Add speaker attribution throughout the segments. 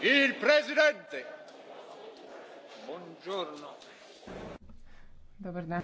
Speaker 1: Il presidente. Buongiorno. Dobar dan.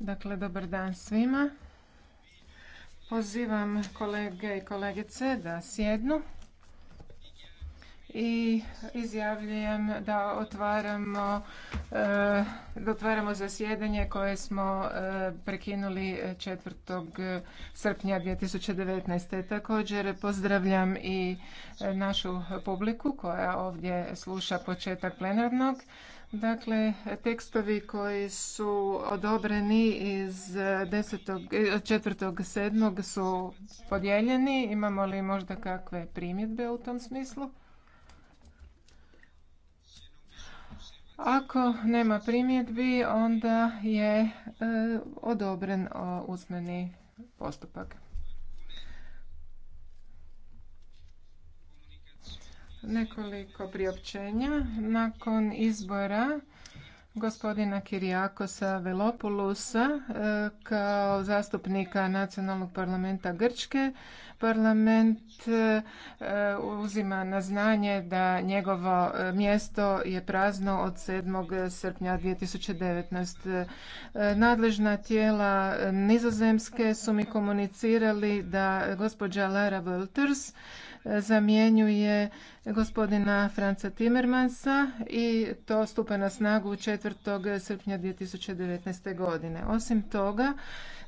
Speaker 1: Dakle, dobar dan svima. Pozivam kolege i kolegice da sjednu i izjavljujem da otvaramo, e, da otvaramo zasjedanje koje smo e, prekinuli 4. srpnja 2019. Također pozdravljam i našu publiku koja ovdje sluša početak plenarnog Dakle, tekstovi koji su odobreni iz sedmog su podijeljeni. Imamo li možda kakve primjedbe u tom smislu? Ako nema primjedbi, onda je e, odobren usmeni postupak. Nekoliko priopćenja. Nakon izbora gospodina Kirijakosa Velopulusa e, kao zastupnika Nacionalnog parlamenta Grčke. Parlament e, e, uzima na znanje da njegovo mjesto je prazno od 7. srpnja 2019. Nadležna tijela nizozemske su mi komunicirali da gospođa Lara Wolters zamjenjuje gospodina Franca Timmermansa i to stupa na snagu 4. srpnja 2019. godine. Osim toga,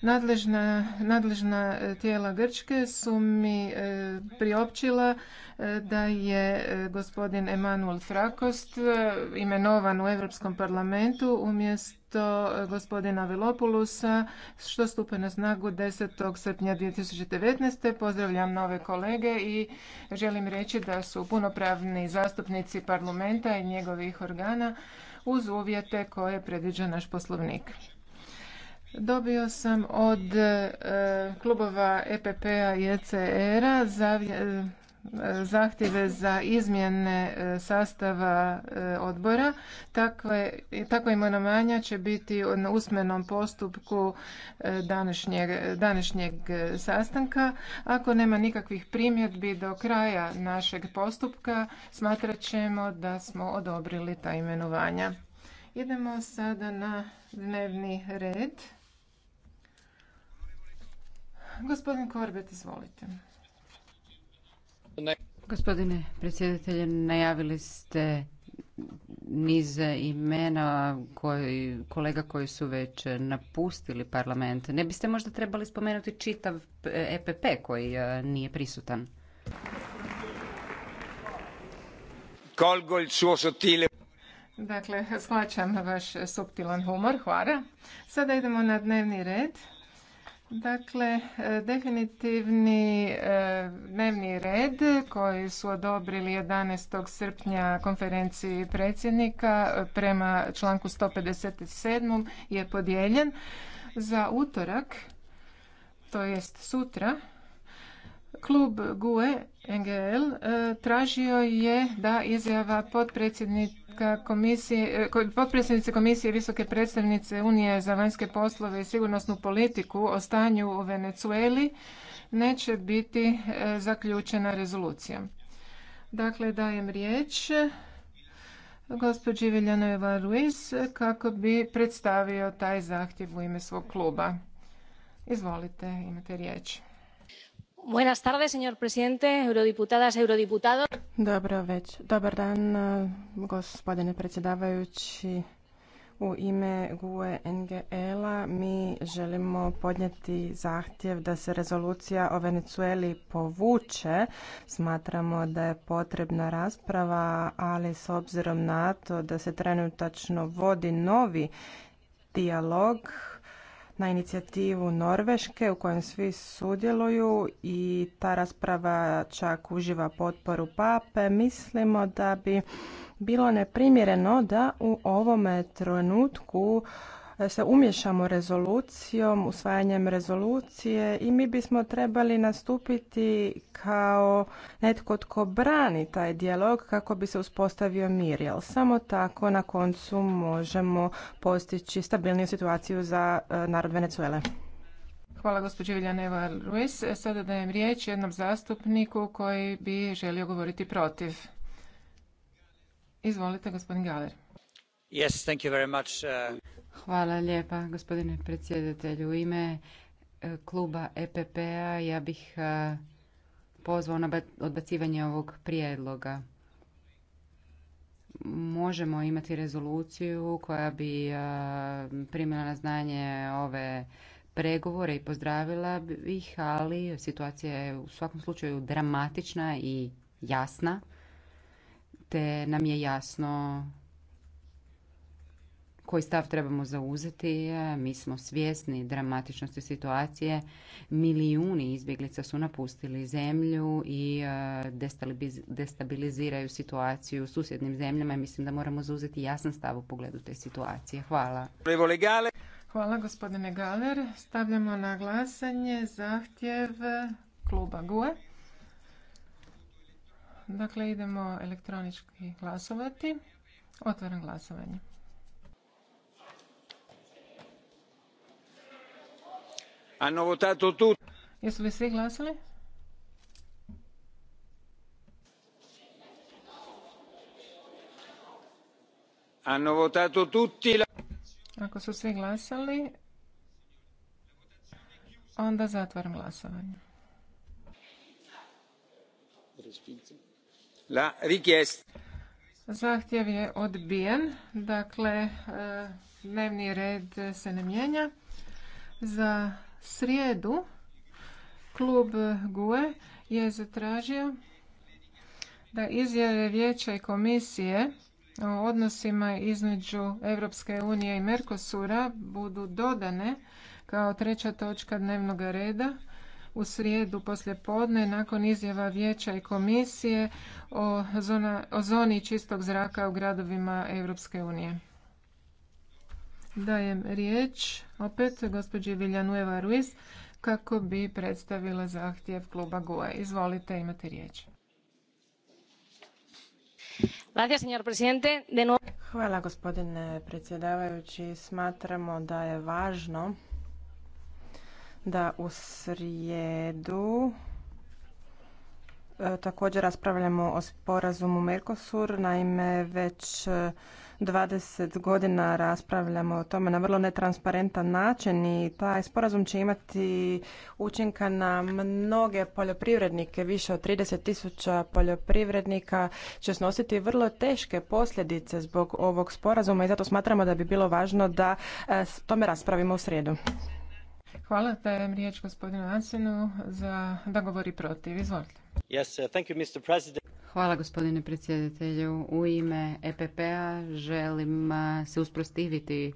Speaker 1: nadležna, nadležna e, tijela Grčke su mi e, priopćila e, da je gospodin Emanuel Frakost imenovan u Europskom parlamentu umjesto do e, gospodina Vilopulusa što stupe na snagu 10. srpnja 2019. Pozdravljam nove kolege i želim reći da su punopravni zastupnici parlamenta i njegovih organa uz uvjete koje predviđa naš poslovnik. Dobio sam od e, klubova EPP-a i ECR-a zahtjeve za izmjene e, sastava e, odbora. takva imenovanja će biti na usmenom postupku e, današnjeg, današnjeg sastanka. Ako nema nikakvih primjedbi do kraja našeg postupka, smatrat ćemo da smo odobrili ta imenovanja. Idemo sada na dnevni red. Gospodin
Speaker 2: Korbet, izvolite. Gospodine predsjedatelje, najavili ste niz imena koji, kolega koji su već napustili parlament. Ne biste možda trebali spomenuti čitav EPP koji e, nije prisutan?
Speaker 1: Dakle, shvaćam vaš suptilan humor, hvara. Sada idemo na dnevni red. Dakle, e, definitivni e, dnevni red koji su odobrili 11. srpnja konferenciji predsjednika e, prema članku 157. je podijeljen. Za utorak, to jest sutra, Klub GUE NGL e, tražio je da izjava potpredsjednika komisije, e, potpredsjednice komisije visoke predstavnice Unije za vanjske poslove i sigurnosnu politiku o stanju u Venecueli neće biti e, zaključena rezolucijom. Dakle, dajem riječ gospođi Viljanova Ruiz kako bi predstavio taj zahtjev u ime svog kluba. Izvolite, imate riječ.
Speaker 3: Buenas tardes, Dobro već, dobar dan, eh, gospodine predsjedavajući. U ime GUE NGL-a mi želimo podnijeti zahtjev da se rezolucija o Venezueli povuče. Smatramo da je potrebna rasprava, ali s obzirom na to da se trenutačno vodi novi dijalog na inicijativu Norveške u kojem svi sudjeluju i ta rasprava čak uživa potporu pape. Mislimo da bi bilo neprimjereno da u ovome trenutku se umješamo rezolucijom, usvajanjem rezolucije i mi bismo trebali nastupiti kao netko tko brani taj dijalog kako bi se uspostavio mir, jel samo tako na koncu možemo postići stabilniju situaciju za e, narod Venezuele.
Speaker 1: Hvala gospođo Viljaneva Ruiz. E, sada dajem riječ jednom zastupniku koji bi želio govoriti protiv.
Speaker 2: Izvolite, gospodin Galer.
Speaker 4: Uh,
Speaker 2: Hvala lijepa gospodine predsjedatelju. U ime e, kluba EPP-a ja bih e, pozvao na odbacivanje ovog prijedloga. Možemo imati rezoluciju koja bi e, primila na znanje ove pregovore i pozdravila ih ali situacija je u svakom slučaju dramatična i jasna, te nam je jasno koji stav trebamo zauzeti. Mi smo svjesni dramatičnosti situacije. Milijuni izbjeglica su napustili zemlju i e, destabiliziraju situaciju u susjednim zemljama i mislim da moramo zauzeti jasan stav u pogledu te situacije. Hvala. Hvala gospodine Galer. Stavljamo na glasanje zahtjev
Speaker 1: kluba GUE. Dakle, idemo elektronički glasovati. Otvaram glasovanje. Hanno votato Jesu li svi glasali? Hanno votato Ako su svi glasali, onda zatvaram glasovanje. La Zahtjev je odbijen, dakle e, dnevni red se ne mijenja. Za srijedu klub GUE je zatražio da izjave vijeća i komisije o odnosima između Europske unije i Mercosura budu dodane kao treća točka dnevnog reda u srijedu podne nakon izjava vijeća i komisije o, o zoni čistog zraka u gradovima Europske unije. Dajem riječ opet gospođi Viljanueva Ruiz kako bi predstavila zahtjev kluba GUE. Izvolite, imate riječ.
Speaker 3: Hvala gospodine predsjedavajući. Smatramo da je važno da u srijedu e, također raspravljamo o sporazumu Mercosur. Naime, već 20 godina raspravljamo o tome na vrlo netransparentan način i taj sporazum će imati učinka na mnoge poljoprivrednike. Više od 30 tisuća poljoprivrednika će snositi vrlo teške posljedice zbog ovog sporazuma i zato smatramo da bi bilo važno da e, s tome raspravimo u srijedu.
Speaker 1: Hvala, dajem riječ gospodinu za da govori protiv. Izvolite.
Speaker 5: Uh,
Speaker 3: Hvala gospodine predsjedatelju.
Speaker 2: U ime EPP-a želim uh, se usprotiviti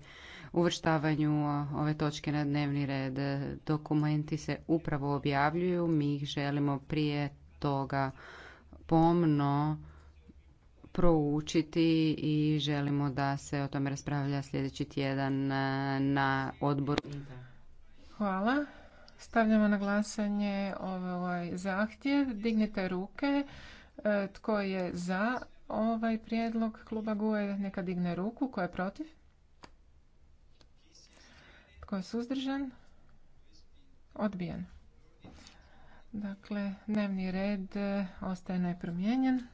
Speaker 2: uvrštavanju uh, ove točke na dnevni red. Dokumenti se upravo objavljuju, mi ih želimo prije toga pomno proučiti i želimo da se o tome raspravlja sljedeći tjedan na odboru.
Speaker 1: Hvala. Stavljamo na glasanje ovaj zahtjev. Dignite ruke. E, tko je za ovaj prijedlog kluba GUE? Neka digne ruku. Tko je protiv? Tko je suzdržan? Odbijen. Dakle, dnevni red e, ostaje nepromijenjen.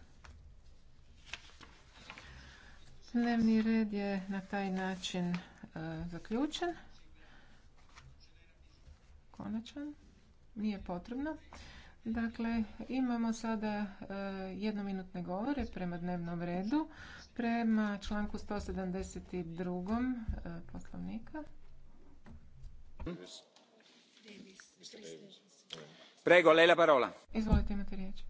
Speaker 1: Dnevni red je na taj način e, zaključen konačan, nije potrebno. Dakle, imamo sada e, jednominutne govore prema dnevnom redu, prema članku 172. E, poslovnika. Prego, lei la parola.
Speaker 2: Izvolite, imate riječ.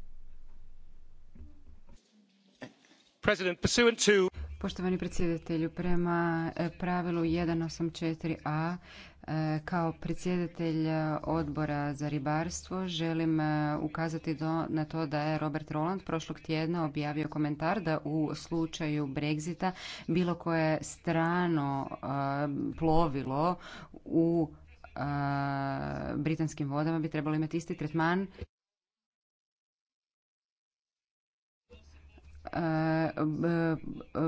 Speaker 2: Poštovani predsjedatelju, prema e, pravilu 184a kao predsjedatelj e, odbora za ribarstvo želim e, ukazati na to da je Robert Roland prošlog tjedna objavio komentar da u slučaju Brexita bilo koje strano e, plovilo u britanskim vodama bi trebalo imati isti tretman E,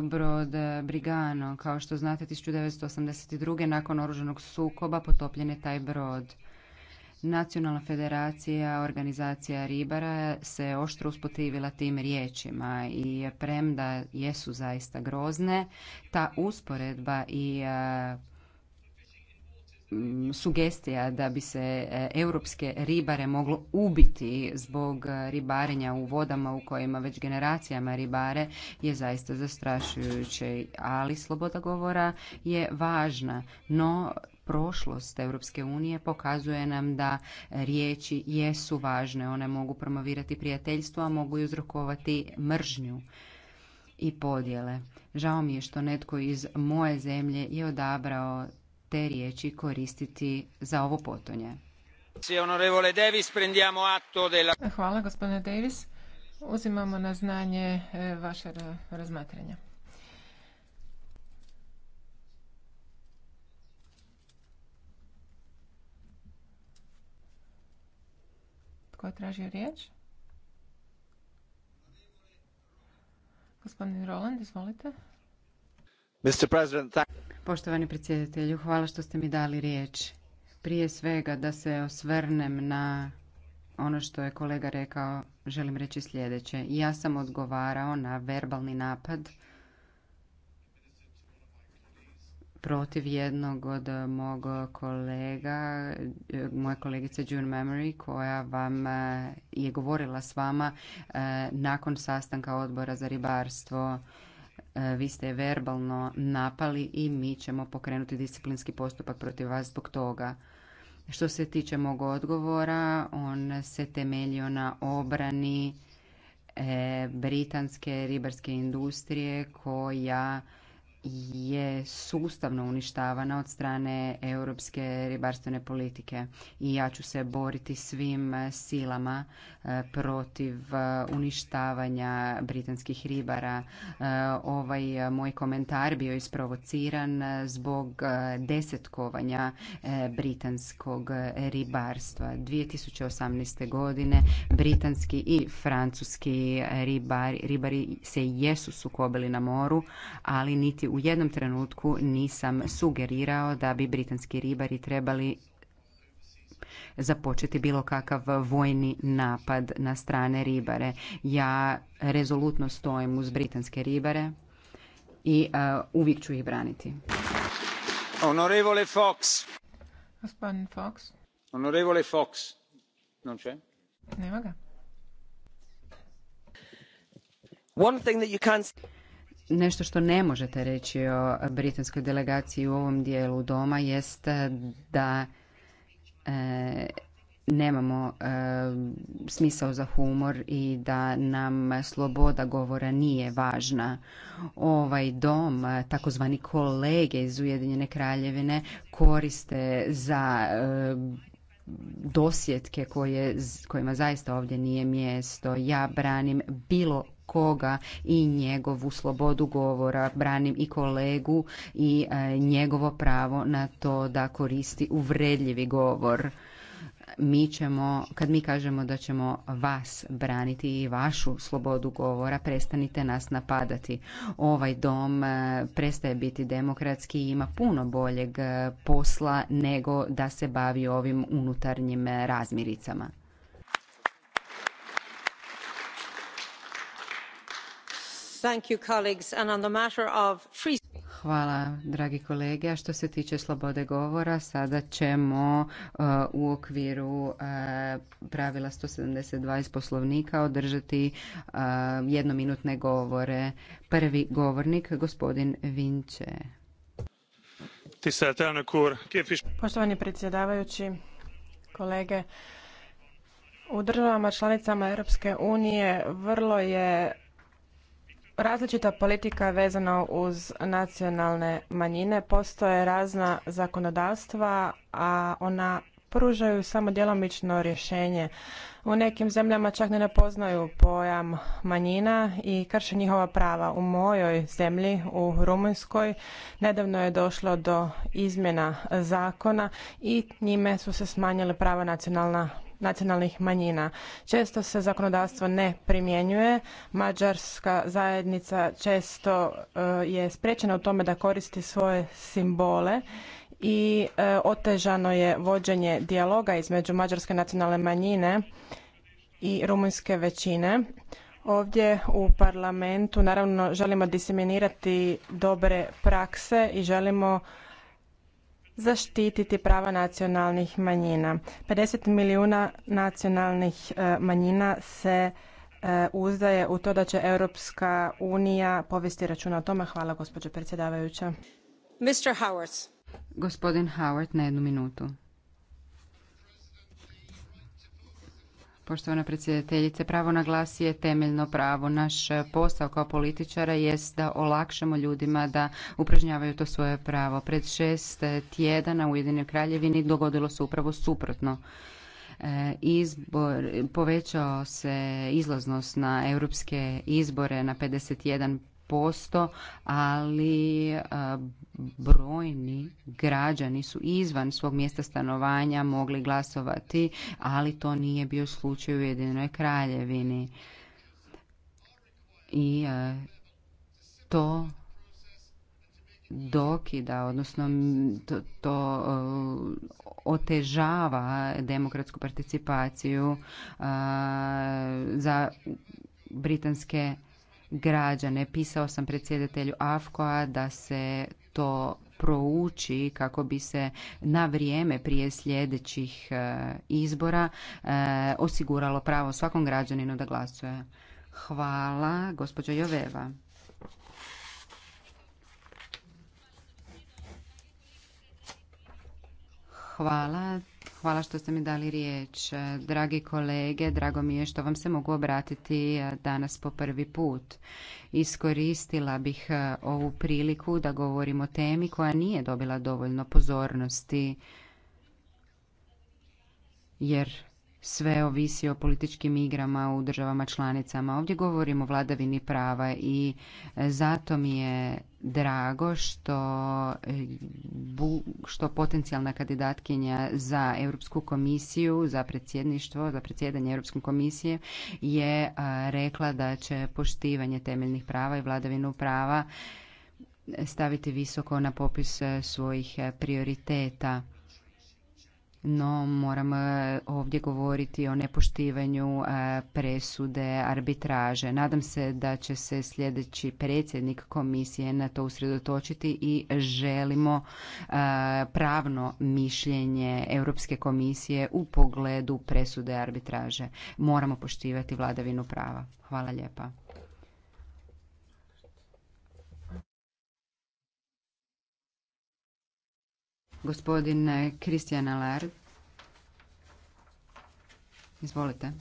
Speaker 2: brod Brigano. Kao što znate, 1982. nakon oruženog sukoba potopljen je taj brod. Nacionalna federacija, organizacija ribara se oštro usprotivila tim riječima i premda jesu zaista grozne, ta usporedba i e, Mm, sugestija da bi se e, europske ribare moglo ubiti zbog e, ribarenja u vodama u kojima već generacijama ribare je zaista zastrašujuće, ali sloboda govora je važna, no prošlost Europske unije pokazuje nam da riječi jesu važne, one mogu promovirati prijateljstvo, a mogu i uzrokovati mržnju i podjele. Žao mi je što netko iz moje zemlje je odabrao te riječi koristiti za ovo potonje.
Speaker 1: Hvala gospodine Davis. Uzimamo na znanje e, vaše razmatranje. Tko je tražio riječ?
Speaker 2: Gospodin Roland, izvolite.
Speaker 4: Mr. President, thank
Speaker 2: Poštovani predsjedatelju, hvala što ste mi dali riječ. Prije svega da se osvrnem na ono što je kolega rekao, želim reći sljedeće. Ja sam odgovarao na verbalni napad protiv jednog od mog kolega, moje kolegice June Memory, koja vam eh, je govorila s vama eh, nakon sastanka odbora za ribarstvo E, vi ste verbalno napali i mi ćemo pokrenuti disciplinski postupak protiv vas zbog toga. Što se tiče mog odgovora, on se temeljio na obrani e, britanske ribarske industrije koja je sustavno uništavana od strane europske ribarstvene politike i ja ću se boriti svim eh, silama eh, protiv eh, uništavanja britanskih ribara. Ovaj moj komentar bio isprovociran zbog desetkovanja britanskog ribarstva. 2018. godine britanski i francuski ribari, ribari se jesu sukobili na moru, ali niti u jednom trenutku nisam sugerirao da bi britanski ribari trebali započeti bilo kakav vojni napad na strane ribare. Ja rezolutno stojim uz britanske ribare i e, uvijek ću ih braniti.
Speaker 1: Fox. Gospodin Fox. Fox. Non Nema ga.
Speaker 2: One thing that you nešto što ne možete reći o britanskoj delegaciji u ovom dijelu doma jest eh, da e, nemamo eh, smisao za humor i da nam sloboda govora nije važna. Ovaj dom, takozvani kolege iz Ujedinjene kraljevine, koriste za dosjetke koje, kojima zaista ovdje nije mjesto. Ja branim bilo koga i njegovu slobodu govora. Branim i kolegu i e, njegovo pravo na to da koristi uvredljivi govor mi ćemo, kad mi kažemo da ćemo vas braniti i vašu slobodu govora, prestanite nas napadati. Ovaj dom e, prestaje biti demokratski i ima puno boljeg e, posla nego da se bavi ovim unutarnjim razmiricama. Hvala, dragi kolege. A što se tiče slobode govora, sada ćemo e, u okviru e, pravila 172 iz poslovnika održati e, jednominutne govore. Prvi govornik, gospodin Vinče.
Speaker 3: Poštovani predsjedavajući, kolege, u državama članicama Europske unije vrlo je različita politika vezana uz nacionalne manjine postoje razna zakonodavstva a ona pružaju samo djelomično rješenje u nekim zemljama čak ni ne poznaju pojam manjina i krše njihova prava u mojoj zemlji u rumunjskoj nedavno je došlo do izmjena zakona i njime su se smanjila prava nacionalna nacionalnih manjina. Često se zakonodavstvo ne primjenjuje. Mađarska zajednica često e, je sprečena u tome da koristi svoje simbole i e, otežano je vođenje dijaloga između mađarske nacionalne manjine i rumunjske većine. Ovdje u parlamentu naravno želimo diseminirati dobre prakse i želimo zaštititi prava nacionalnih manjina. 50 milijuna nacionalnih e, manjina se e, uzdaje u to da će Europska unija povesti računa o tome. Hvala gospođo predsjedavajuća. Gospodin Howard na jednu minutu.
Speaker 2: Poštovana predsjedateljice, pravo na glas je temeljno pravo. Naš posao kao političara jest da olakšamo ljudima da upražnjavaju to svoje pravo. Pred šest tjedana u Ujedinjenoj kraljevini dogodilo se upravo suprotno e, izbor, povećao se izlaznost na europske izbore na 51% posto ali brojni građani su izvan svog mjesta stanovanja mogli glasovati ali to nije bio slučaj u jedinoj kraljevini i to dokida, odnosno to, to otežava demokratsku participaciju za britanske građane. Pisao sam predsjedatelju AFKOA da se to prouči kako bi se na vrijeme prije sljedećih e, izbora e, osiguralo pravo svakom građaninu da glasuje. Hvala, gospođo Joveva. Hvala. Hvala što ste mi dali riječ. E, dragi kolege, drago mi je što vam se mogu obratiti e, danas po prvi put. Iskoristila bih e, ovu priliku da govorim o temi koja nije dobila dovoljno pozornosti, jer sve ovisi o političkim igrama u državama članicama. Ovdje govorimo o vladavini prava i zato mi je drago što, e, što potencijalna kandidatkinja za Europsku komisiju, za predsjedništvo, za predsjedanje Europske komisije je e, rekla da će poštivanje temeljnih prava i vladavinu prava staviti visoko na popis e, svojih prioriteta no moram e, ovdje govoriti o nepoštivanju e, presude arbitraže. Nadam se da će se sljedeći predsjednik komisije na to usredotočiti i želimo e, pravno mišljenje Europske komisije u pogledu presude arbitraže. Moramo poštivati vladavinu prava. Hvala lijepa. Gospodine Kristijan Alar. Izvolite.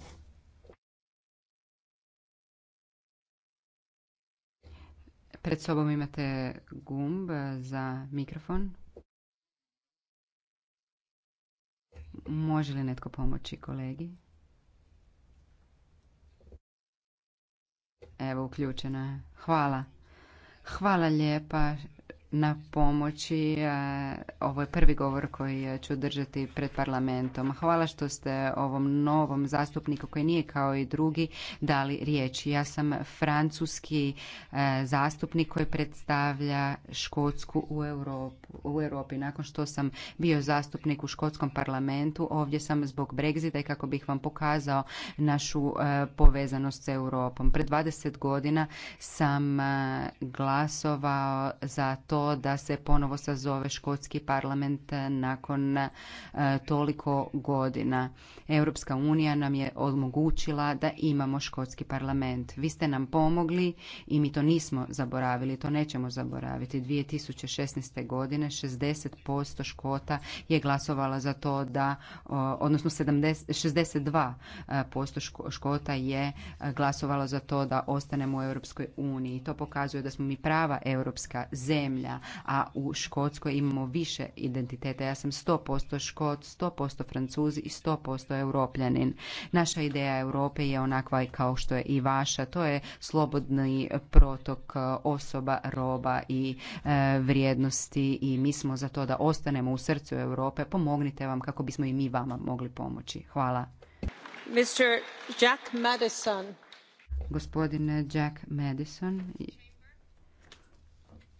Speaker 2: Pred sobom imate gumb za mikrofon. Može li netko pomoći kolegi? Evo, uključena je. Hvala. Hvala lijepa na pomoći. E, ovo je prvi govor koji ću držati pred parlamentom. Hvala što ste ovom novom zastupniku koji nije kao i drugi dali riječ. Ja sam francuski e, zastupnik koji predstavlja Škotsku u, Europu, u Europi. Nakon što sam bio zastupnik u Škotskom parlamentu, ovdje sam zbog Brexita i kako bih vam pokazao našu e, povezanost s Europom. Pred 20 godina sam glasovao za to da se ponovo sazove škotski parlament nakon e, toliko godina. Europska unija nam je omogućila da imamo škotski parlament. Vi ste nam pomogli i mi to nismo zaboravili, to nećemo zaboraviti. 2016. godine 60% škota je glasovala za to da, odnosno 70, 62% škota je e, glasovalo za to da ostanemo u Europskoj uniji. To pokazuje da smo mi prava europska zemlja a u Škotskoj imamo više identiteta. Ja sam 100% Škot, 100% Francuz i 100% Europljanin. Naša ideja Europe je onakva kao što je i vaša. To je slobodni protok e, osoba, roba i e, vrijednosti i mi smo za to da ostanemo u srcu Europe. Pomognite vam kako bismo i mi vama mogli pomoći. Hvala.
Speaker 4: Mr. Jack Madison.
Speaker 2: Gospodine Jack Madison,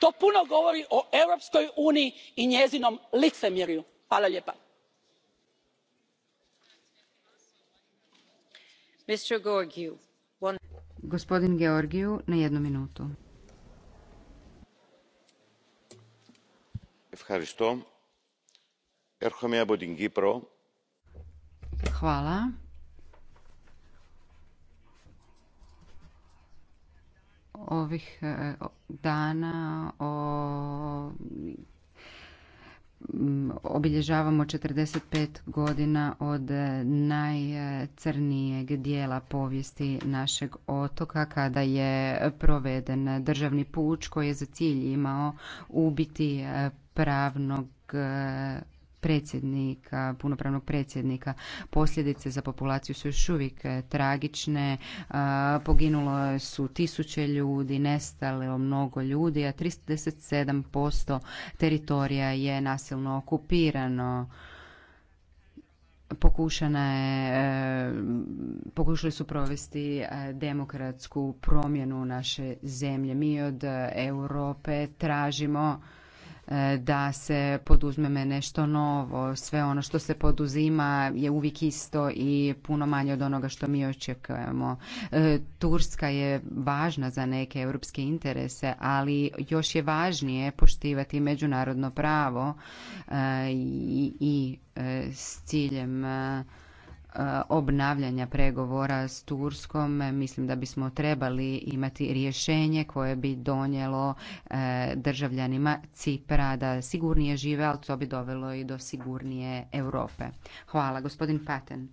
Speaker 4: to puno govori o europskoj uniji i njezinom licemjerju.
Speaker 2: Gospodin Georgiju, na jednu minutu. Hvala. ovih e, dana o obilježavamo 45 godina od e, najcrnijeg dijela povijesti našeg otoka kada je proveden državni puč koji je za cilj imao ubiti e, pravnog predsjednika, punopravnog predsjednika. Posljedice za populaciju su još uvijek e, tragične. E, poginulo su tisuće ljudi, nestalo mnogo ljudi, a 37% teritorija je nasilno okupirano pokušana je, e, pokušali su provesti demokratsku promjenu naše zemlje. Mi od Europe tražimo E, da se poduzme nešto novo. Sve ono što se poduzima je uvijek isto i puno manje od onoga što mi očekujemo. E, Turska je važna za neke europske interese, ali još je važnije poštivati međunarodno pravo e, i s ciljem Eh, obnavljanja pregovora s Turskom mislim da bismo trebali imati rješenje koje bi donijelo eh, državljanima Cipra da sigurnije žive, ali to bi dovelo i do sigurnije Europe. Hvala, gospodin Paten.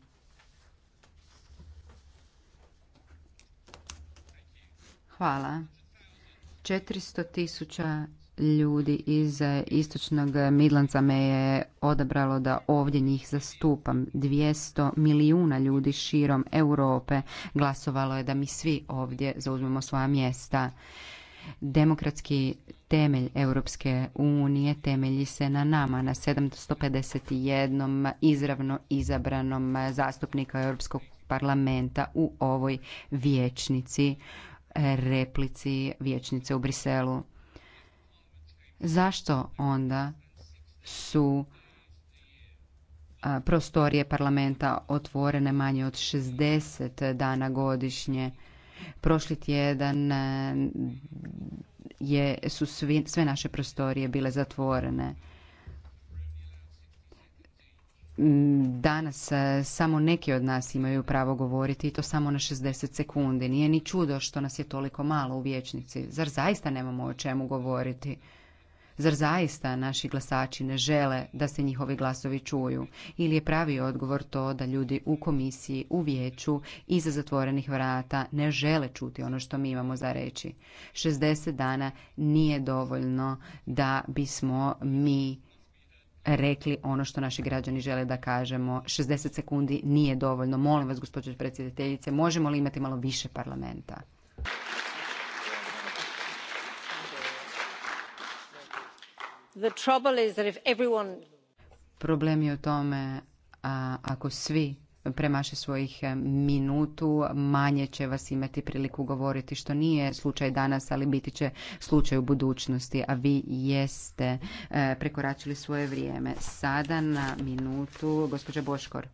Speaker 2: Hvala. 400 tisuća ljudi iz istočnog Midlanca me je odabralo da ovdje njih zastupam. 200 milijuna ljudi širom Europe glasovalo je da mi svi ovdje zauzmemo svoja mjesta. Demokratski temelj Europske unije temelji se na nama, na 751 izravno izabranom zastupnika Europskog parlamenta u ovoj vječnici, replici vječnice u Briselu zašto onda su prostorije parlamenta otvorene manje od 60 dana godišnje. Prošli tjedan e, je, su sve naše prostorije bile zatvorene. Danas e, samo neki od nas imaju pravo govoriti i to samo na 60 sekundi. Nije ni čudo što nas je toliko malo u vijećnici. Zar zaista nemamo o čemu govoriti? Zar zaista naši glasači ne žele da se njihovi glasovi čuju? Ili je pravi odgovor to da ljudi u komisiji, u vijeću, iza zatvorenih vrata ne žele čuti ono što mi imamo za reći? 60 dana nije dovoljno da bismo mi rekli ono što naši građani žele da kažemo. 60 sekundi nije dovoljno. Molim vas, gospođo predsjedateljice, možemo li imati malo više parlamenta? Problem je u tome ako svi premaše svojih e, minutu, manje će vas imati priliku govoriti, što nije slučaj danas, ali biti će slučaj u budućnosti, a vi jeste e, prekoračili svoje vrijeme. Sada na minutu, gospođa Boškor.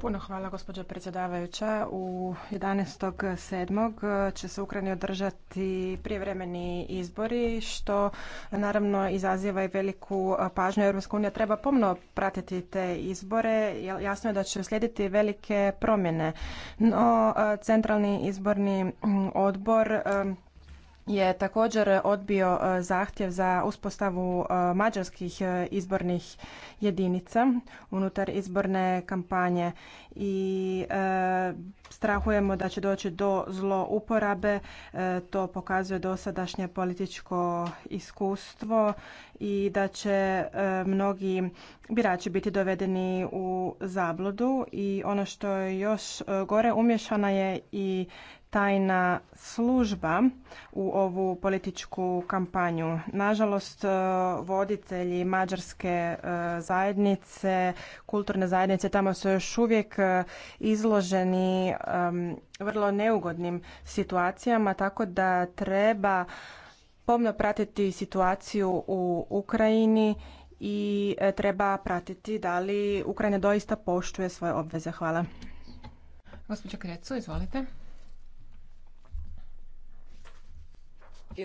Speaker 3: Puno hvala gospođo predsjedavajuća. U 11.7. će se Ukrajini održati prijevremeni izbori što naravno izaziva i veliku pažnju. Europska unija treba pomno pratiti te izbore. Jasno je da će slijediti velike promjene. No, centralni izborni odbor je također odbio e, zahtjev za uspostavu e, mađarskih e, izbornih jedinica unutar izborne kampanje i strahujemo da će doći do zlouporabe to pokazuje dosadašnje političko iskustvo i da će mnogi birači biti dovedeni u zabludu i ono što je još gore umješana je i tajna služba u ovu političku kampanju. Nažalost, e, voditelji mađarske e, zajednice, kulturne zajednice tamo su još uvijek e, izloženi vrlo neugodnim situacijama, tako da treba pomno pratiti situaciju u Ukrajini i treba pratiti da li Ukrajina doista poštuje svoje obveze. Hvala. Gospođa Krecu, izvolite. E,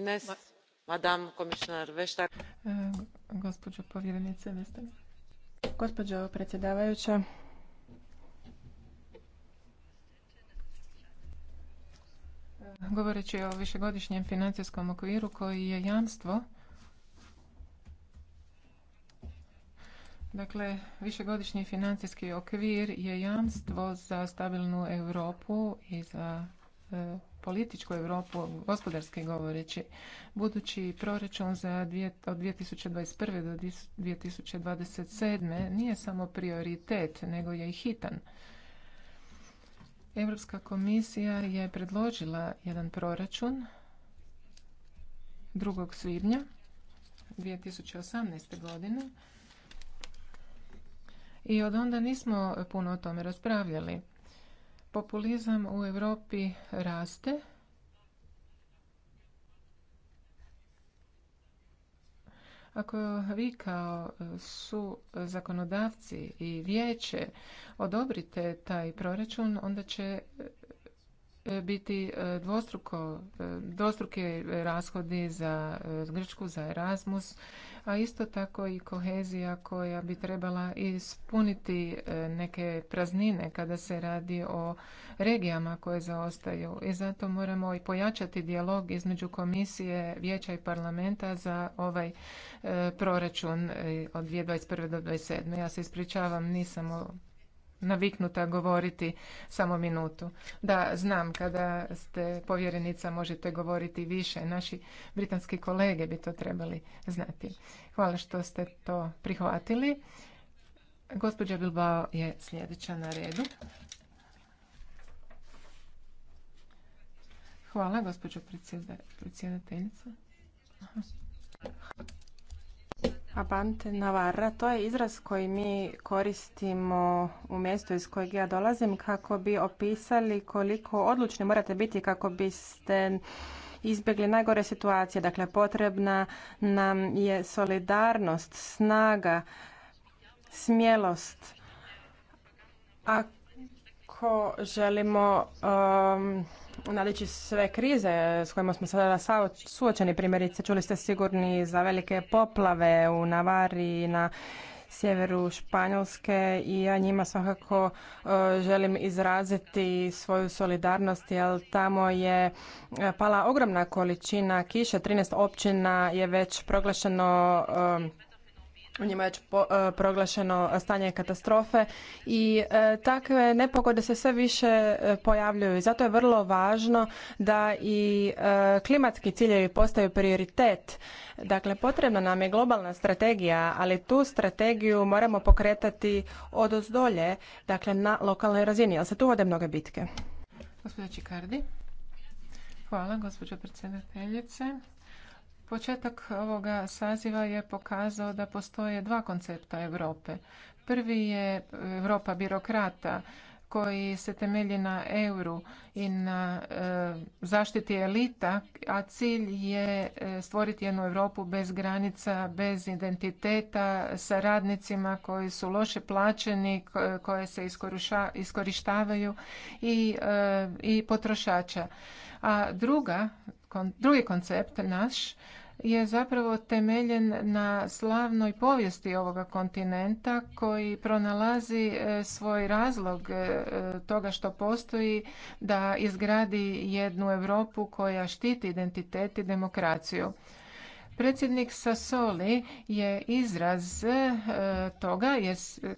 Speaker 3: gospođo povjerenice Gospođo predsjedavajuća,
Speaker 1: govoreći o višegodišnjem financijskom okviru koji je jamstvo Dakle, višegodišnji financijski okvir je jamstvo za stabilnu Europu i za e, političku Europu, gospodarske govoreći, budući proračun za dvije, od 2021. do 2027. nije samo prioritet, nego je i hitan. Europska komisija je predložila jedan proračun 2. svibnja 2018. godine i od onda nismo puno o tome raspravljali populizam u Europi raste. Ako vi kao e, su zakonodavci i vijeće odobrite taj proračun, onda će e, E, biti e, dvostruko, e, dvostruke rashodi za Grčku, za Erasmus, a isto tako i kohezija koja bi trebala ispuniti neke praznine kada se radi o regijama koje zaostaju. I zato moramo i pojačati dijalog između komisije, vijeća i parlamenta za ovaj proračun od 2021. do 2027. Ja se ispričavam, nisam naviknuta govoriti samo minutu. Da, znam, kada ste povjerenica možete govoriti više. Naši britanski kolege bi to trebali znati. Hvala što ste to prihvatili. Gospođa Bilbao je sljedeća na redu. Hvala, gospođo predsjedateljice.
Speaker 3: Abante Navarra, to je izraz koji mi koristimo u mjestu iz kojeg ja dolazim kako bi opisali koliko odlučni morate biti kako biste izbjegli najgore situacije. Dakle, potrebna nam je solidarnost, snaga, smjelost. Ako ako želimo um, sve krize s kojima smo sada suočeni, primjerice čuli ste sigurni za velike poplave u Navari na sjeveru Španjolske i ja njima svakako uh, želim izraziti svoju solidarnost jer tamo je uh, pala ogromna količina kiše, 13 općina je već proglašeno uh, u njima je već e, proglašeno stanje katastrofe i e, takve nepogode se sve više e, pojavljuju i zato je vrlo važno da i klimatski ciljevi postaju prioritet. Dakle, potrebna nam je globalna strategija, ali tu strategiju moramo pokretati ozdolje, dakle na lokalnoj razini, ali se tu vode mnoge bitke.
Speaker 1: Gospodin Čikardi. Hvala, gospođo predsjedateljice. Početak ovoga saziva je pokazao da postoje dva koncepta Europe. Prvi je e, Europa birokrata koji se temelji na euru i na e, zaštiti elita, a cilj je e, stvoriti jednu Europu bez granica, bez identiteta, sa radnicima koji su loše plaćeni, koje se iskorištavaju i, i potrošača. A druga, drugi koncept naš je zapravo temeljen na slavnoj povijesti ovoga kontinenta koji pronalazi e, svoj razlog e, toga što postoji da izgradi jednu Europu koja štiti identitet i demokraciju. Predsjednik Sassoli je izraz e, toga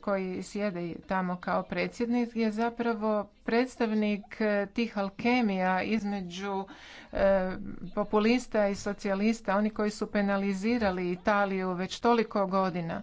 Speaker 1: koji sjede tamo kao predsjednik je zapravo predstavnik e, tih alkemija između e, populista i socijalista, oni koji su penalizirali Italiju već toliko godina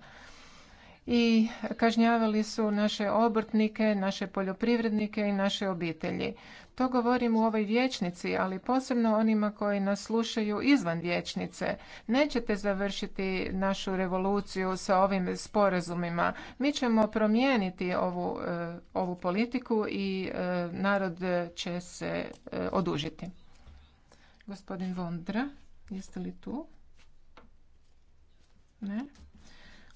Speaker 1: i kažnjavali su naše obrtnike, naše poljoprivrednike i naše obitelji. To govorim u ovoj vječnici, ali posebno onima koji nas slušaju izvan vječnice. Nećete završiti našu revoluciju sa ovim sporazumima. Mi ćemo promijeniti ovu, e, ovu politiku i e, narod će se e, odužiti. Gospodin Vondra, jeste li tu? Ne.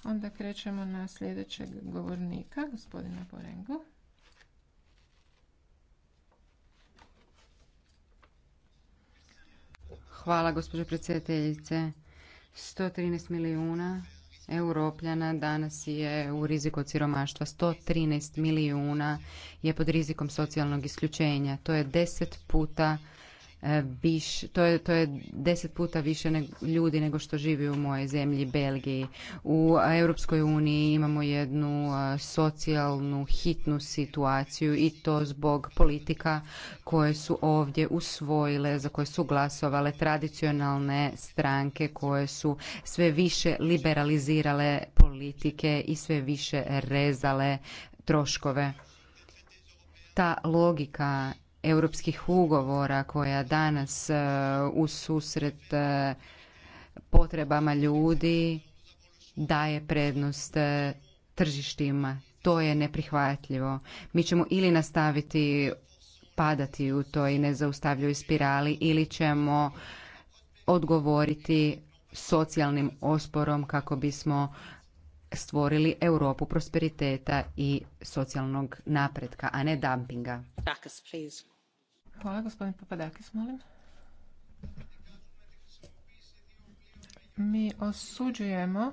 Speaker 1: Onda krećemo na sljedećeg govornika, gospodina Porengu.
Speaker 2: Hvala, gospođo predsjedateljice. 113 milijuna europljana danas je u riziku od siromaštva. 113 milijuna je pod rizikom socijalnog isključenja. To je 10 puta E, biš, to je, to je deset puta više ne, ljudi nego što živi u mojoj zemlji Belgiji. U Europskoj uniji imamo jednu e, socijalnu hitnu situaciju i to zbog politika koje su ovdje usvojile, za koje su glasovale tradicionalne stranke koje su sve više liberalizirale politike i sve više rezale troškove. Ta logika europskih ugovora koja danas e, u susret e, potrebama ljudi daje prednost e, tržištima. To je neprihvatljivo. Mi ćemo ili nastaviti padati u toj nezaustavljivoj spirali ili ćemo odgovoriti socijalnim osporom kako bismo stvorili Europu prosperiteta i socijalnog napretka, a ne dumpinga.
Speaker 1: Hvala, gospodin Papadakis, molim. Mi osuđujemo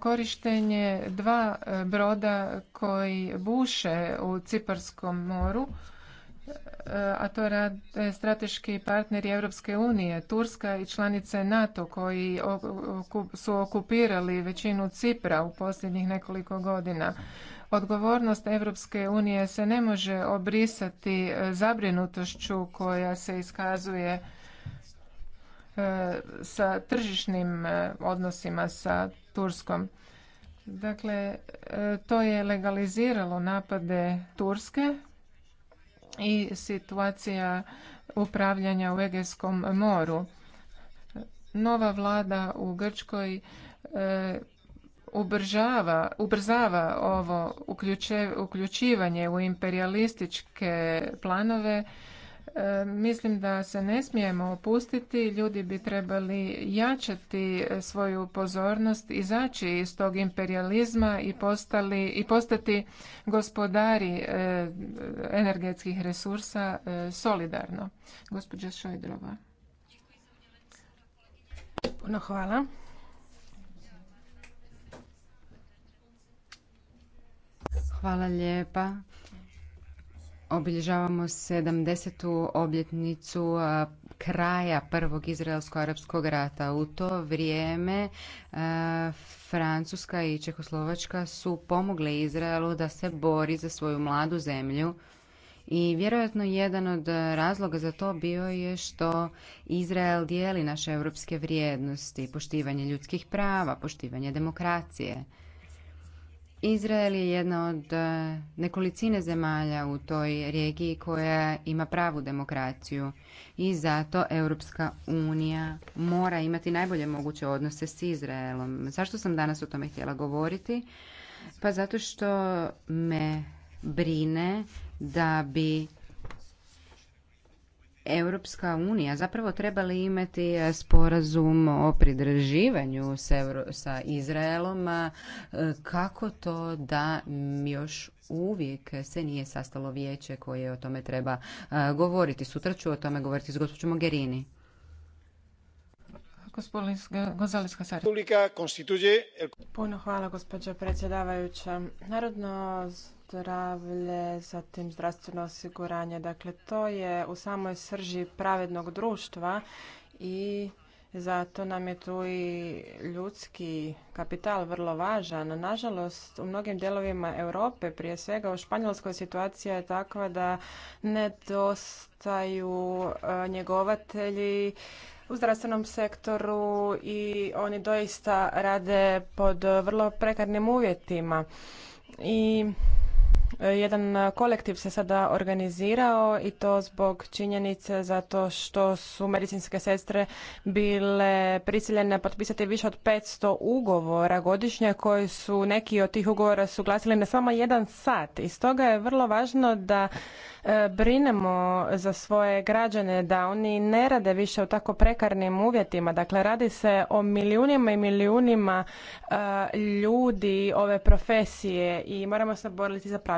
Speaker 1: korištenje dva e, broda koji buše u Ciparskom moru a to rade strateški partneri Europske unije, Turska i članice NATO koji su okupirali većinu Cipra u posljednjih nekoliko godina. Odgovornost Europske unije se ne može obrisati e, zabrinutošću koja se iskazuje e, sa tržišnim e, odnosima sa Turskom. Dakle, to je legaliziralo napade Turske i situacija upravljanja u Egejskom moru. Nova vlada u Grčkoj e, ubrzava ovo uključivanje u imperialističke planove E, mislim da se ne smijemo opustiti, ljudi bi trebali jačati e, svoju pozornost, izaći iz tog imperializma i, postali, i postati gospodari e, energetskih resursa solidarno. Gospođa Šojdrova.
Speaker 2: Puno hvala. Hvala lijepa obilježavamo 70. obljetnicu kraja prvog izraelsko-arapskog rata. U to vrijeme Francuska i Čehoslovačka su pomogle Izraelu da se bori za svoju mladu zemlju. I vjerojatno jedan od razloga za to bio je što Izrael dijeli naše europske vrijednosti, poštivanje ljudskih prava, poštivanje demokracije. Izrael je jedna od e, nekolicine zemalja u toj regiji koja ima pravu demokraciju i zato Europska unija mora imati najbolje moguće odnose s Izraelom. Zašto sam danas o tome htjela govoriti? Pa zato što me brine da bi Europska unija zapravo trebali imati e, sporazum o pridrživanju sa Izraelom e, kako to da još uvijek se nije sastalo vijeće koje o tome treba e, govoriti. Sutra ću o tome govoriti s gospođom Mogherini.
Speaker 3: Puno hvala gospođo predsjedavajuća. Narodno zdravlje, zatim zdravstveno osiguranje. Dakle, to je u samoj srži pravednog društva i zato nam je tu i ljudski kapital vrlo važan. Nažalost, u mnogim dijelovima Europe, prije svega u Španjolskoj situacija je takva da nedostaju e, njegovatelji u zdravstvenom sektoru i oni doista rade pod vrlo prekarnim uvjetima. I E, jedan e, kolektiv se sada organizirao i to zbog činjenice zato što su medicinske sestre bile prisiljene potpisati više od 500 ugovora godišnje koji su neki od tih ugovora suglasili na samo jedan sat i stoga je vrlo važno da e, brinemo za svoje građane da oni ne rade više u tako prekarnim uvjetima. Dakle, radi se o milijunima i milijunima ljudi ove profesije i moramo se boriti za pravi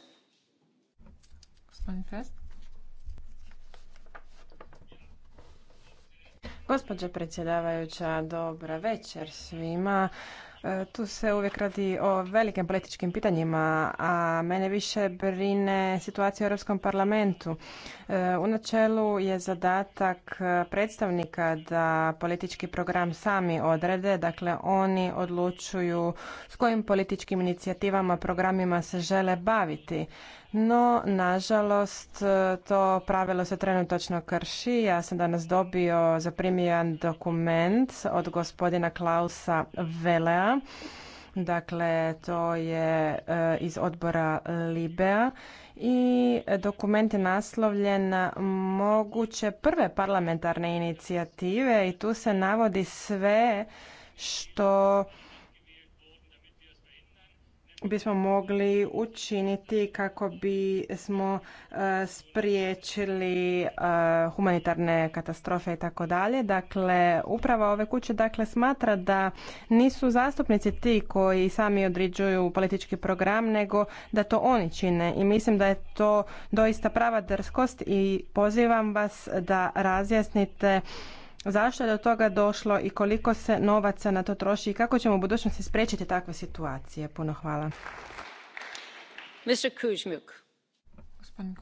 Speaker 3: Gospodin Fest. Gospođo predsjedavajuća, dobra večer svima. E, tu se uvijek radi o velikim političkim pitanjima, a mene više brine situacija u Europskom parlamentu. E, u načelu je zadatak predstavnika da politički program sami odrede, dakle oni odlučuju s kojim političkim inicijativama, programima se žele baviti. No, nažalost, e, to pravilo se trenutačno krši. Ja sam danas dobio zaprimljen dokument od gospodina Klausa Velea. Dakle, to je e, iz odbora Libea i dokument je naslovljen na moguće prve parlamentarne inicijative i tu se navodi sve što bismo mogli učiniti kako bi smo e, spriječili e, humanitarne katastrofe i tako dalje. Dakle, uprava ove kuće dakle smatra da nisu zastupnici ti koji sami određuju politički program, nego da to oni čine i mislim da je to doista prava drskost i pozivam vas da razjasnite Zašto je do toga došlo i koliko se novaca na to troši i kako ćemo u budućnosti spriječiti takve situacije? Puno hvala.
Speaker 2: Mr.
Speaker 3: Gospodin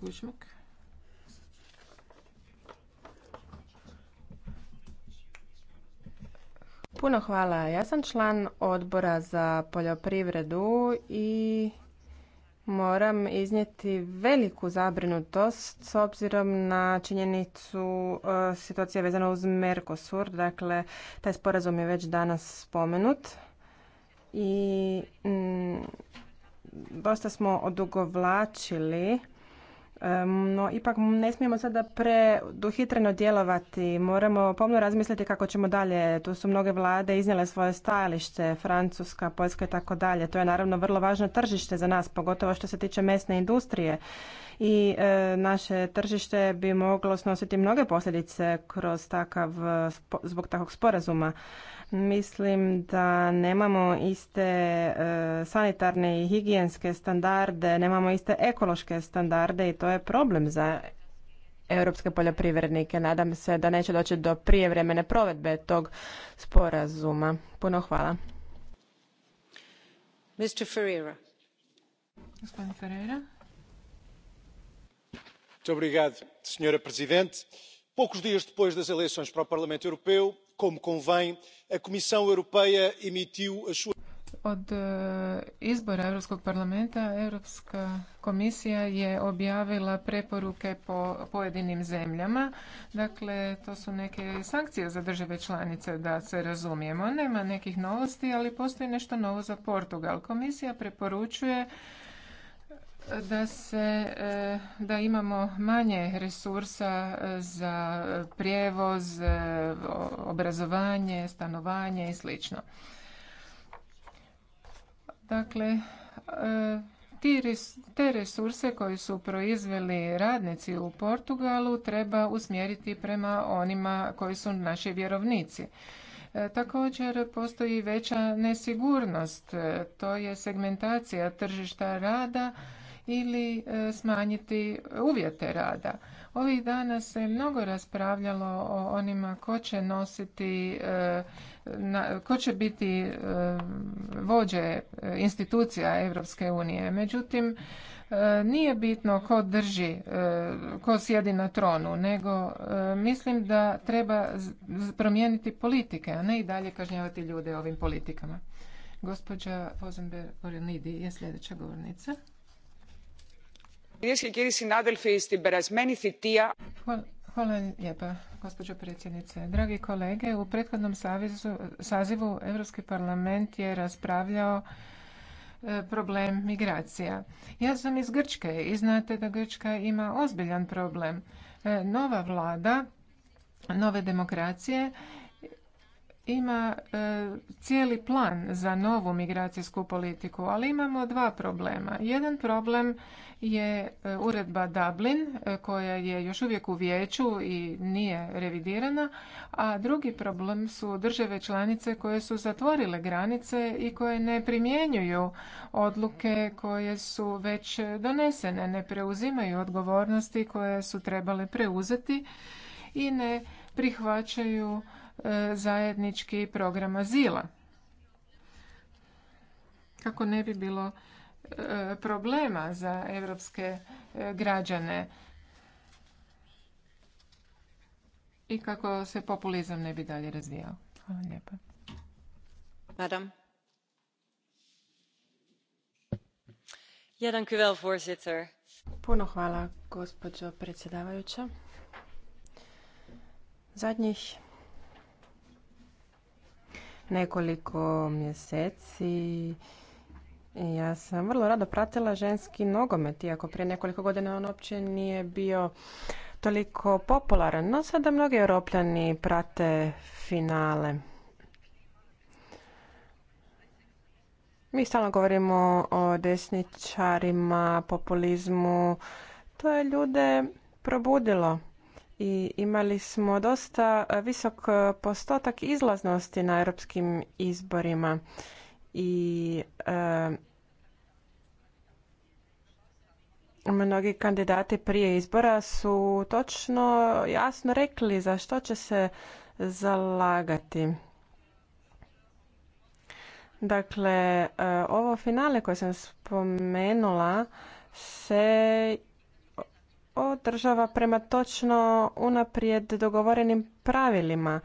Speaker 3: Puno hvala. Ja sam član odbora za poljoprivredu i moram iznijeti veliku zabrinutost s obzirom na činjenicu e, situacije vezano uz Mercosur. Dakle, taj sporazum je već danas spomenut i mm, dosta smo odugovlačili no, ipak ne smijemo sada preduhitreno djelovati. Moramo pomno razmisliti kako ćemo dalje. Tu su mnoge vlade iznijele svoje stajalište, Francuska, Poljska i tako dalje. To je naravno vrlo važno tržište za nas, pogotovo što se tiče mesne industrije. I e, naše tržište bi moglo snositi mnoge posljedice kroz takav, zbog takvog sporazuma. Mislim da nemamo iste e, sanitarne i higijenske standarde, nemamo iste ekološke standarde i to je problem za europske poljoprivrednike. Nadam se da neće doći do prijevremene provedbe tog sporazuma. Puno hvala.
Speaker 5: Mr. Ferreira.
Speaker 1: Gospodin Ferreira.
Speaker 5: Muito obrigado, Sra. Presidente. Poucos dias depois das eleições para o Parlamento Europeu,
Speaker 1: od eh, izbora Europskog parlamenta Europska komisija je objavila preporuke po pojedinim zemljama. Dakle, to su neke sankcije za države članice da se razumijemo. Nema nekih novosti, ali postoji nešto novo za Portugal. Komisija preporučuje da se e, da imamo manje resursa e, za prijevoz, e, obrazovanje, stanovanje i slično. Dakle te resurse koje su proizveli radnici u Portugalu treba usmjeriti prema onima koji su naši vjerovnici. Također postoji veća nesigurnost, to je segmentacija tržišta rada ili e, smanjiti uvjete rada. Ovih dana se mnogo raspravljalo o onima ko će nositi, e, ko će biti e, vođe institucija Europske unije. Međutim, nije bitno ko drži, ko sjedi na tronu, nego mislim da treba promijeniti politike, a ne i dalje kažnjavati ljude ovim politikama. Gospođa Vozenberg-Orenidi je sljedeća govornica. Hvala, lijepa, predsjednice. Dragi kolege, u prethodnom sazivu Europski parlament je raspravljao e, problem migracija. Ja sam iz Grčke i znate da Grčka ima ozbiljan problem. E, nova vlada, nove demokracije ima e, cijeli plan za novu migracijsku politiku, ali imamo dva problema. Jedan problem je e, uredba Dublin e, koja je još uvijek u vijeću i nije revidirana, a drugi problem su države članice koje su zatvorile granice i koje ne primjenjuju odluke koje su već donesene, ne preuzimaju odgovornosti koje su trebale preuzeti i ne prihvaćaju E, zajednički program azila. Kako ne bi bilo e, problema za evropske e, građane i kako se populizam ne bi dalje razvijao. Hvala lijepa.
Speaker 3: Madam. Ja, wel, voorzitter. Puno hvala, gospođo predsjedavajuća. Zadnjih nekoliko mjeseci ja sam vrlo rado pratila ženski nogomet, iako prije nekoliko godina on uopće nije bio toliko popularan, no sada mnogi europljani prate finale. Mi stalno govorimo o desničarima, populizmu. To je ljude probudilo i imali smo dosta e, visok e, postotak izlaznosti na europskim izborima i e, mnogi kandidati prije izbora su točno jasno rekli za što će se zalagati. Dakle, ovo finale koje sam spomenula se održava država prema točno unaprijed dogovorenim pravilima.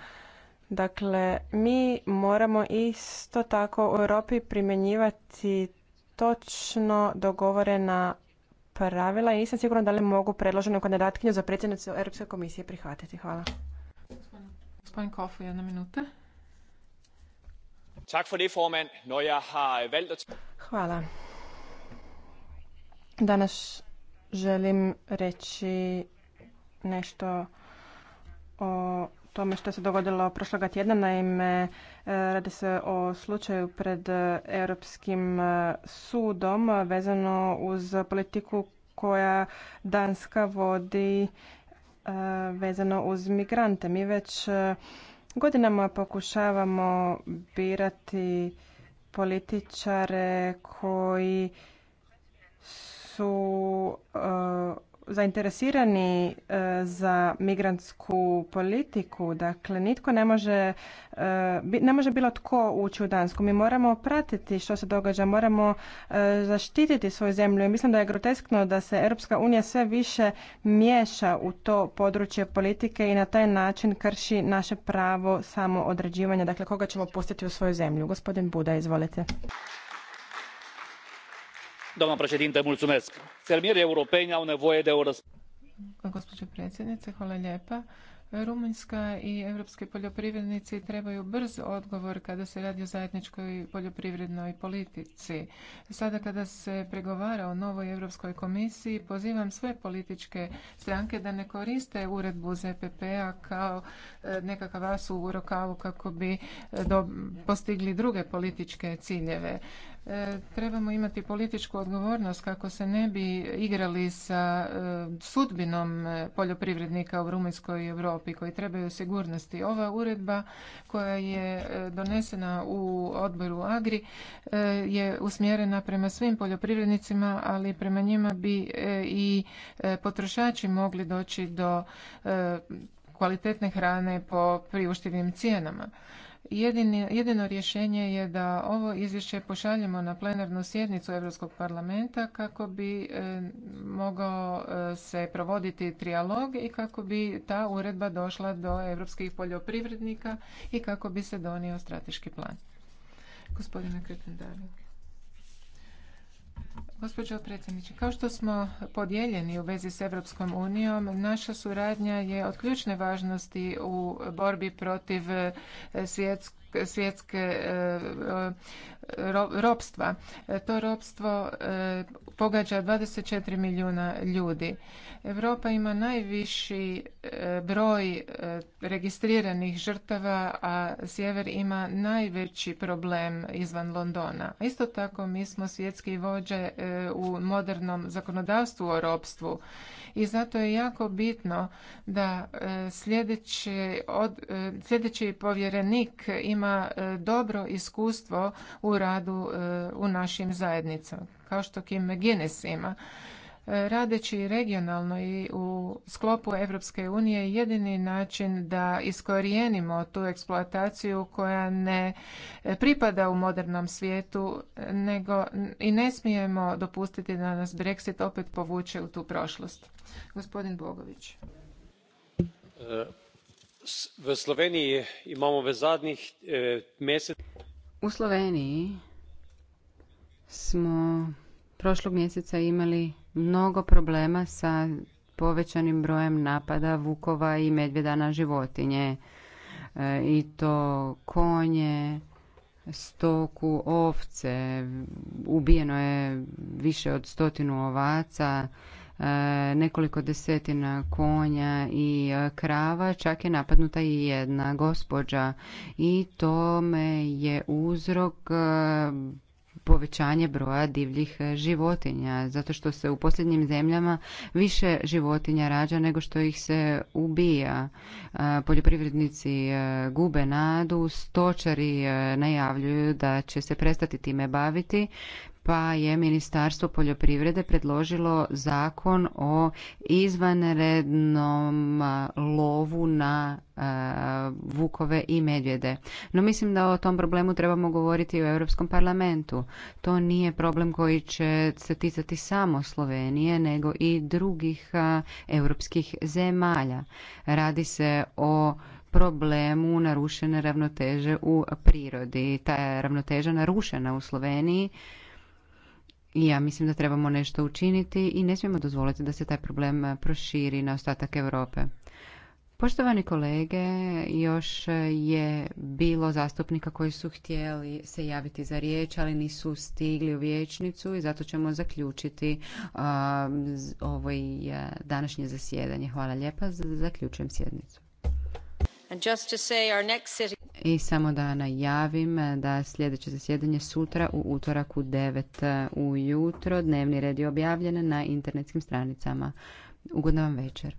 Speaker 3: Dakle, mi moramo isto tako u Europi primjenjivati točno dogovorena pravila i nisam sigurna da li mogu predloženu kandidatkinju za predsjednicu Europske komisije prihvatiti. Hvala. Gospodin Kofu, jedna minuta. Hvala. Danas želim reći nešto o tome što se dogodilo prošloga tjedna. Naime, e, radi se o slučaju pred Europskim e, sudom vezano uz politiku koja Danska vodi e, vezano uz migrante. Mi već godinama pokušavamo birati političare koji su e, zainteresirani e, za migrantsku politiku, dakle nitko ne može, e, ne može bilo tko ući u Dansku. Mi moramo pratiti što se događa, moramo zaštititi svoju zemlju. i Mislim da je groteskno da se Europska unija sve više miješa u to područje politike i na taj način krši naše pravo samo određivanja, dakle koga ćemo pustiti u svoju zemlju. Gospodin Buda, izvolite
Speaker 5: doamnă președintă
Speaker 1: predsjednice hvala lijepa. rumunjska i europski poljoprivrednici trebaju brz odgovor kada se radi o zajedničkoj poljoprivrednoj politici. sada kada se pregovara o novoj europskoj komisiji pozivam sve političke stranke da ne koriste uredbu zpp a p-a kao e, nekakav vas u rokavu kako bi e, postigli druge političke ciljeve. E, trebamo imati političku odgovornost kako se ne bi igrali sa e, sudbinom e, poljoprivrednika u Rumunjskoj Europi koji trebaju sigurnosti. Ova uredba koja je donesena u odboru Agri je usmjerena prema svim poljoprivrednicima, ali prema njima bi i potrošači mogli doći do kvalitetne hrane po priuštivim cijenama jedino rješenje je da ovo izvješće pošaljemo na plenarnu sjednicu Europskog parlamenta kako bi e, mogao e, se provoditi trijalog i kako bi ta uredba došla do europskih poljoprivrednika i kako bi se donio strateški plan. Gospođo predsjedniče, kao što smo podijeljeni u vezi s Europskom unijom, naša suradnja je od ključne važnosti u borbi protiv eh, svjetske eh, ropstva. Eh, to ropstvo pogađa 24 milijuna ljudi. Europa ima najviši broj registriranih žrtava, a sjever ima najveći problem izvan Londona. Isto tako mi smo svjetski vođe u modernom zakonodavstvu o ropstvu i zato je jako bitno da e, e, sljedeći, povjerenik ima e, dobro iskustvo u radu u našim zajednicama, kao što Kim McGuinness ima radeći regionalno i u sklopu Europske unije jedini način da iskorijenimo tu eksploataciju koja ne pripada u modernom svijetu nego i ne smijemo dopustiti da nas Brexit opet povuče u tu prošlost. Gospodin Bogović.
Speaker 5: V Sloveniji imamo v eh,
Speaker 2: U Sloveniji smo prošlog mjeseca imali mnogo problema sa povećanim brojem napada vukova i medvjeda na životinje. E, I to konje, stoku, ovce, ubijeno je više od stotinu ovaca, e, nekoliko desetina konja i e, krava, čak je napadnuta i jedna gospođa i tome je uzrok povećanje broja divljih e, životinja, zato što se u posljednjim zemljama više životinja rađa nego što ih se ubija. E, poljoprivrednici e, gube nadu, stočari najavljuju da će se prestati time baviti, pa je Ministarstvo poljoprivrede predložilo zakon o izvanrednom lovu na vukove i medvjede. No mislim da o tom problemu trebamo govoriti u Europskom parlamentu. To nije problem koji će se ticati samo Slovenije, nego i drugih europskih zemalja. Radi se o problemu narušene ravnoteže u prirodi. Ta je ravnoteža narušena u Sloveniji ja mislim da trebamo nešto učiniti i ne smijemo dozvoliti da se taj problem proširi na ostatak Europe. Poštovani kolege, još je bilo zastupnika koji su htjeli se javiti za riječ, ali nisu stigli u vijećnicu i zato ćemo zaključiti uh, ovo današnje zasjedanje. Hvala lijepa, zaključujem sjednicu. I samo da najavim da sljedeće zasjedanje sutra u utorak u 9 e, ujutro. Dnevni red je objavljen na internetskim stranicama. Ugodno vam večer.